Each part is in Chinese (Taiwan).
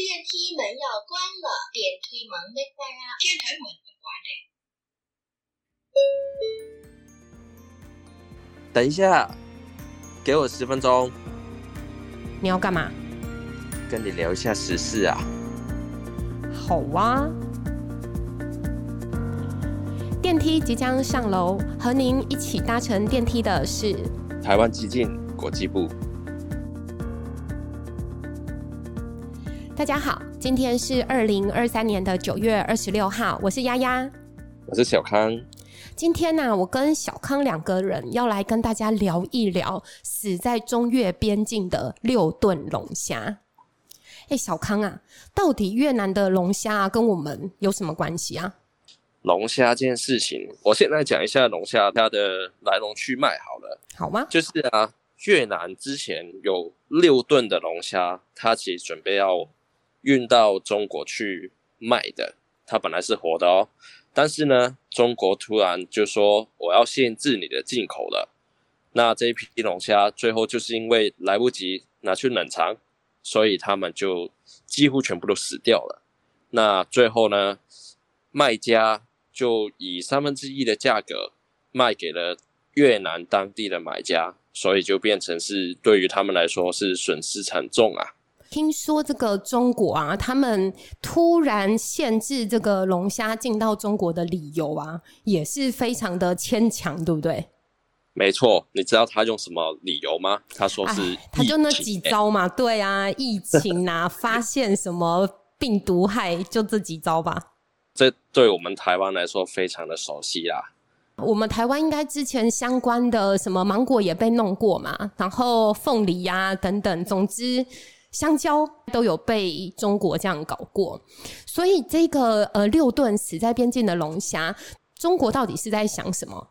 電梯門要關了，電梯門沒關啊！電梯門沒關的、欸。等一下，給我十分鐘。你要幹嘛？跟你聊一下時事啊。好哇、啊。電梯即將上樓，和您一起搭乘電梯的是台灣基進國際部。大家好，今天是二零二三年的九月二十六號，我是丫丫，我是小康。今天呢、啊，我跟小康兩個人要來跟大家聊一聊死在中越邊境的六噸龍蝦。哎，小康啊，到底越南的龍蝦跟我們有什麼關係啊？龍蝦這件事情，我先來講一下龍蝦它的來龍去脈好了，好嗎？就是啊，越南之前有六噸的龍蝦，它其實準備要。運到中國去賣的，它本來是活的哦，但是呢，中國突然就說我要限制你的進口了，那這一批龍蝦最後就是因為來不及拿去冷藏，所以他們就幾乎全部都死掉了。那最後呢，賣家就以三分之一的價格賣給了越南當地的買家，所以就變成是對於他們來說是損失慘重啊。聽說這個中國啊，他們突然限制這個龍蝦進到中國的理由啊，也是非常的牽強，對不對？沒錯，你知道他用什麼理由嗎？他說是、哎、他就那幾招嘛，對啊，疫情啊， 發現什麼病毒害，就這幾招吧。這對我們台灣來說非常的熟悉啦。我們台灣應該之前相關的什麼芒果也被弄過嘛，然後鳳梨呀、啊、等等，總之。香蕉都有被中國這樣搞過，所以這個呃六噸死在邊境的龍蝦，中國到底是在想什麼？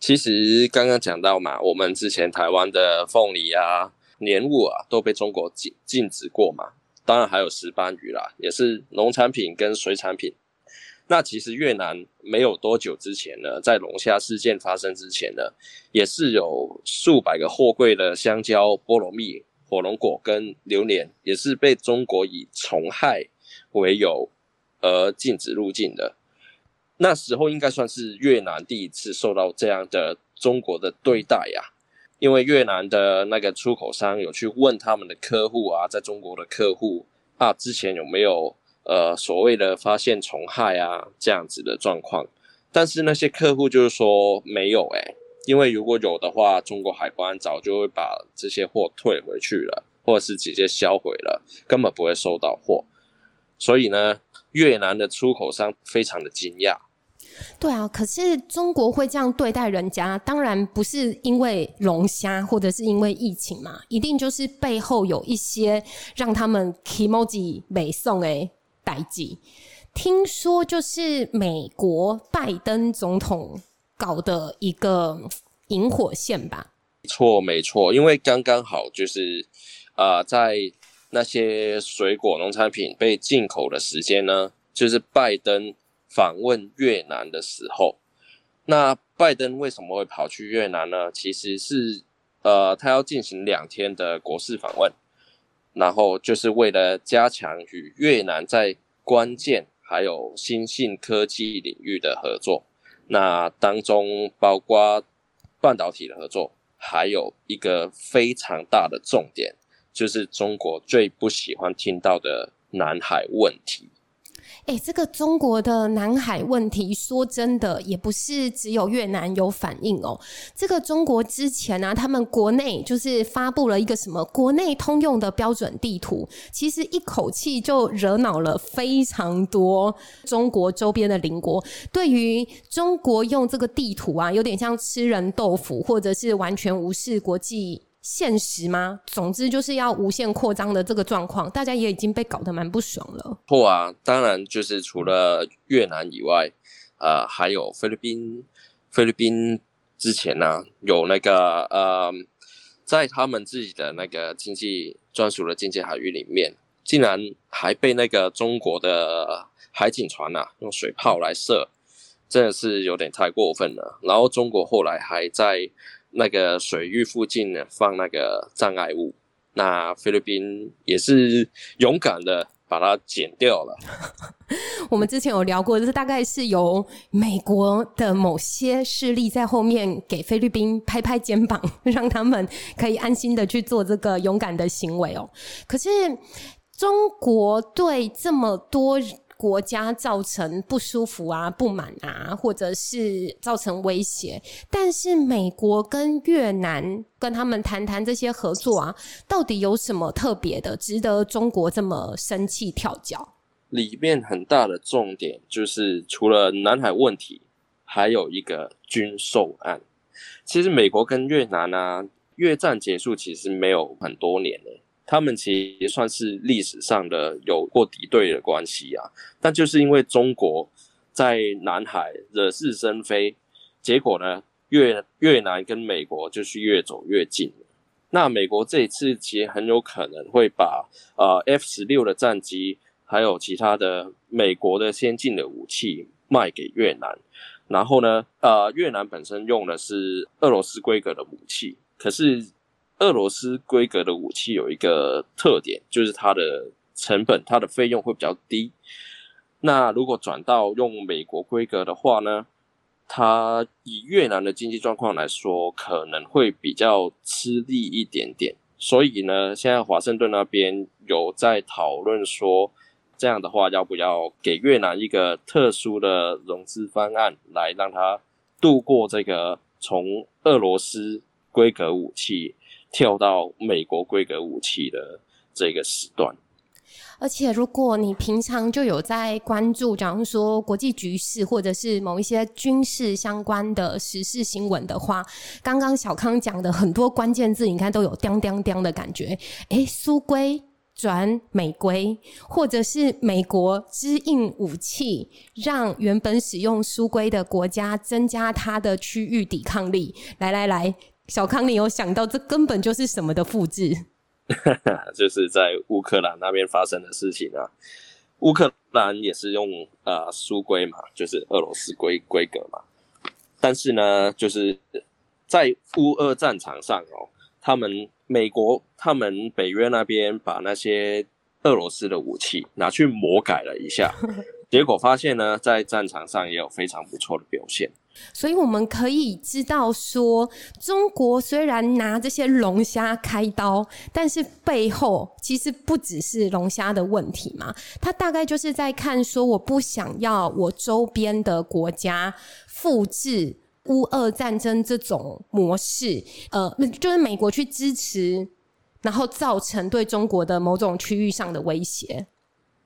其實剛剛講到嘛，我們之前台灣的鳳梨啊、蓮霧啊都被中國禁禁止過嘛，當然還有石斑魚啦，也是農產品跟水產品。那其實越南沒有多久之前呢，在龍蝦事件發生之前呢，也是有數百個貨櫃的香蕉、菠蘿蜜。火龍果跟榴蓮也是被中國以蟲害為由而禁止入境的。那時候應該算是越南第一次受到這樣的中國的對待呀、啊。因為越南的那個出口商有去問他們的客戶啊，在中國的客戶啊，之前有沒有呃所謂的發現蟲害啊這樣子的狀況？但是那些客戶就是說沒有誒、欸。因為如果有的話，中國海關早就會把這些貨退回去了，或者是直接銷毀了，根本不會收到貨。所以呢，越南的出口商非常的驚訝。對啊，可是中國會這樣對待人家，當然不是因為龍蝦，或者是因為疫情嘛，一定就是背後有一些讓他們 emoji 美送哎代誌。聽說就是美國拜登總統。搞的一個引火線吧，沒錯，沒錯。因為剛剛好就是，呃，在那些水果農產品被進口的時間呢，就是拜登訪問越南的時候。那拜登為什麼會跑去越南呢？其實是呃，他要進行兩天的國事訪問，然後就是為了加強與越南在關鍵還有新興科技領域的合作。那當中包括半導體的合作，還有一個非常大的重點，就是中國最不喜歡聽到的南海問題。哎、欸，這個中國的南海問題，說真的，也不是只有越南有反應哦、喔。這個中國之前呢、啊，他們國內就是發布了一個什麼國內通用的標準地圖，其實一口氣就惹惱了非常多中國周邊的鄰國，對於中國用這個地圖啊，有點像吃人豆腐，或者是完全無視國際。現實嗎？總之就是要無限擴張的這個狀況，大家也已經被搞得蠻不爽了。錯啊，當然就是除了越南以外，呃，還有菲律賓，菲律賓之前呢、啊、有那個呃，在他們自己的那個經濟專屬的經濟海域裡面，竟然還被那個中國的海警船啊用水炮來射，真的是有點太過分了。然後中國後來還在。那個水域附近呢，放那個障礙物，那菲律賓也是勇敢的把它剪掉了。 我們之前有聊過，就是大概是由美國的某些勢力在後面給菲律賓拍拍肩膀，讓他們可以安心的去做這個勇敢的行為哦、喔。可是中國對這麼多人。國家造成不舒服啊、不滿啊，或者是造成威脅。但是美國跟越南跟他們談談這些合作啊，到底有什麼特別的值得中國這麼生氣跳腳？裡面很大的重點就是，除了南海問題，還有一個軍售案。其實美國跟越南啊，越戰結束其實沒有很多年欸。他們其實也算是歷史上的有過敵對的關係啊，但就是因為中國在南海惹是生非，結果呢，越越南跟美國就是越走越近了。那美國這一次其實很有可能會把呃 F 十六的戰機，還有其他的美國的先進的武器賣給越南，然後呢，呃，越南本身用的是俄羅斯規格的武器，可是。俄羅斯規格的武器有一個特點，就是它的成本、它的費用會比較低。那如果轉到用美國規格的話呢？它以越南的經濟狀況來說，可能會比較吃力一點點。所以呢，現在華盛頓那邊有在討論說，這樣的話要不要給越南一個特殊的融資方案，來讓它度過這個從俄羅斯規格武器。跳到美國規格武器的這個時段，而且如果你平常就有在關注，假如說國際局勢或者是某一些軍事相關的時事新聞的話，剛剛小康講的很多關鍵字，你看都有“叮叮叮”的感覺。哎、欸，蘇規轉美規，或者是美國支應武器，讓原本使用蘇規的國家增加它的區域抵抗力。來來來。來小康，你有想到這根本就是什麼的複製？ 就是在烏克蘭那邊發生的事情啊。烏克蘭也是用啊蘇規嘛，就是俄羅斯規規格嘛。但是呢，就是在烏俄戰場上哦，他們美國、他們北約那邊把那些俄羅斯的武器拿去魔改了一下。 結果發現呢，在戰場上也有非常不錯的表現。所以我們可以知道說，中國雖然拿這些龍蝦開刀，但是背後其實不只是龍蝦的問題嘛。他大概就是在看說，我不想要我周邊的國家複製烏俄戰爭這種模式，呃，就是美國去支持，然後造成對中國的某種區域上的威脅。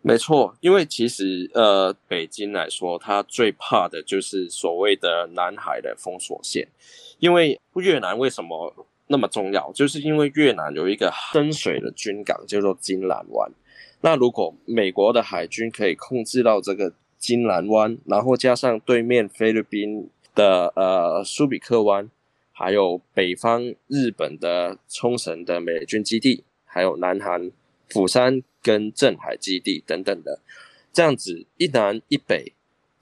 沒錯，因為其實呃，北京來說，它最怕的就是所謂的南海的封鎖線。因為越南為什麼那麼重要？就是因為越南有一個深水的軍港，叫做金蘭灣。那如果美國的海軍可以控制到這個金蘭灣，然後加上對面菲律賓的呃蘇比克灣，還有北方日本的沖繩的美軍基地，還有南韓。釜山跟鎮海基地等等的，這樣子一南一北，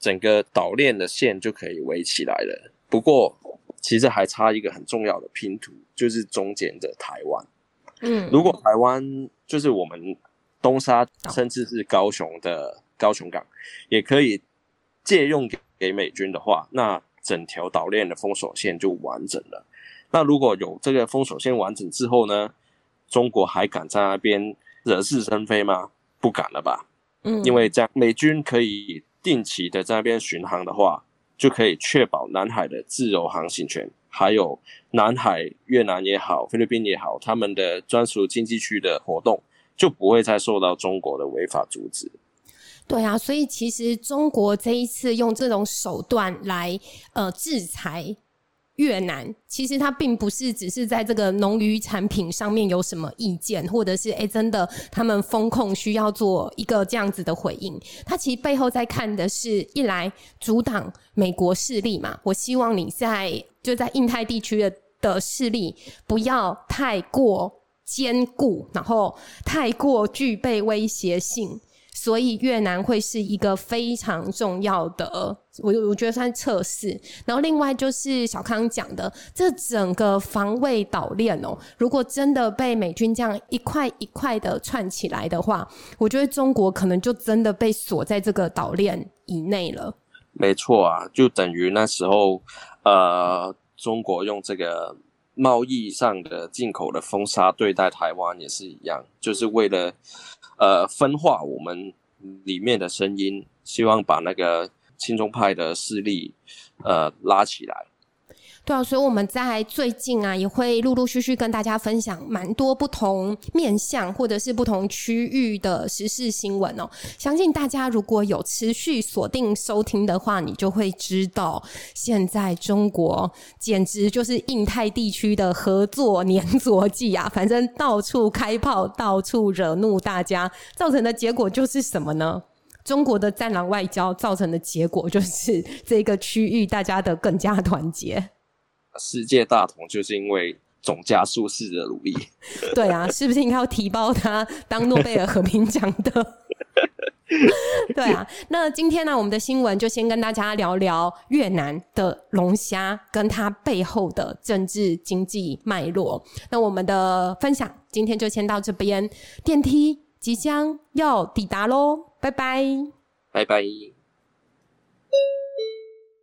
整個島鏈的線就可以圍起來了。不過，其實還差一個很重要的拼圖，就是中間的台灣。嗯，如果台灣就是我們東沙，甚至是高雄的高雄港，也可以借用給美軍的話，那整條島鏈的封鎖線就完整了。那如果有這個封鎖線完整之後呢，中國還敢在那邊惹是生非嗎？不敢了吧，嗯，因為這樣美軍可以定期的在那邊巡航的話，就可以確保南海的自由航行權，還有南海越南也好，菲律賓也好，他們的專屬經濟區的活動就不會再受到中國的違法阻止。對啊，所以其實中國這一次用這種手段來呃制裁。越南其實它並不是只是在這個農漁產品上面有什麼意見，或者是誒、欸、真的他們風控需要做一個這樣子的回應。它其實背後在看的是，一來阻擋美國勢力嘛。我希望你在就在印太地區的的勢力不要太過堅固，然後太過具備威脅性。所以越南會是一個非常重要的，我我覺得算測試。然後另外就是小康講的，這整個防衛島鏈哦，如果真的被美軍這樣一塊一塊的串起來的話，我覺得中國可能就真的被鎖在這個島鏈以內了。沒錯啊，就等於那時候，呃，中國用這個貿易上的進口的封殺對待台灣也是一樣，就是為了。呃，分化我們裡面的聲音，希望把那個親中派的勢力，呃，拉起來。對啊，所以我們在最近啊，也會陸陸續續跟大家分享蠻多不同面向或者是不同區域的時事新聞哦。相信大家如果有持續鎖定收聽的話，你就會知道，現在中國簡直就是印太地區的合作黏著劑啊！反正到處開炮，到處惹怒大家，造成的結果就是什麼呢？中國的戰狼外交造成的結果就是這個區域大家的更加團結。世界大同，就是因為總加速師的努力 。對啊，是不是應該要提報他當諾貝爾和平獎的？ 對啊，那今天呢、啊，我們的新聞就先跟大家聊聊越南的龍蝦跟它背後的政治經濟脈絡。那我們的分享今天就先到這邊，電梯即將要抵達嘍，拜拜，拜拜。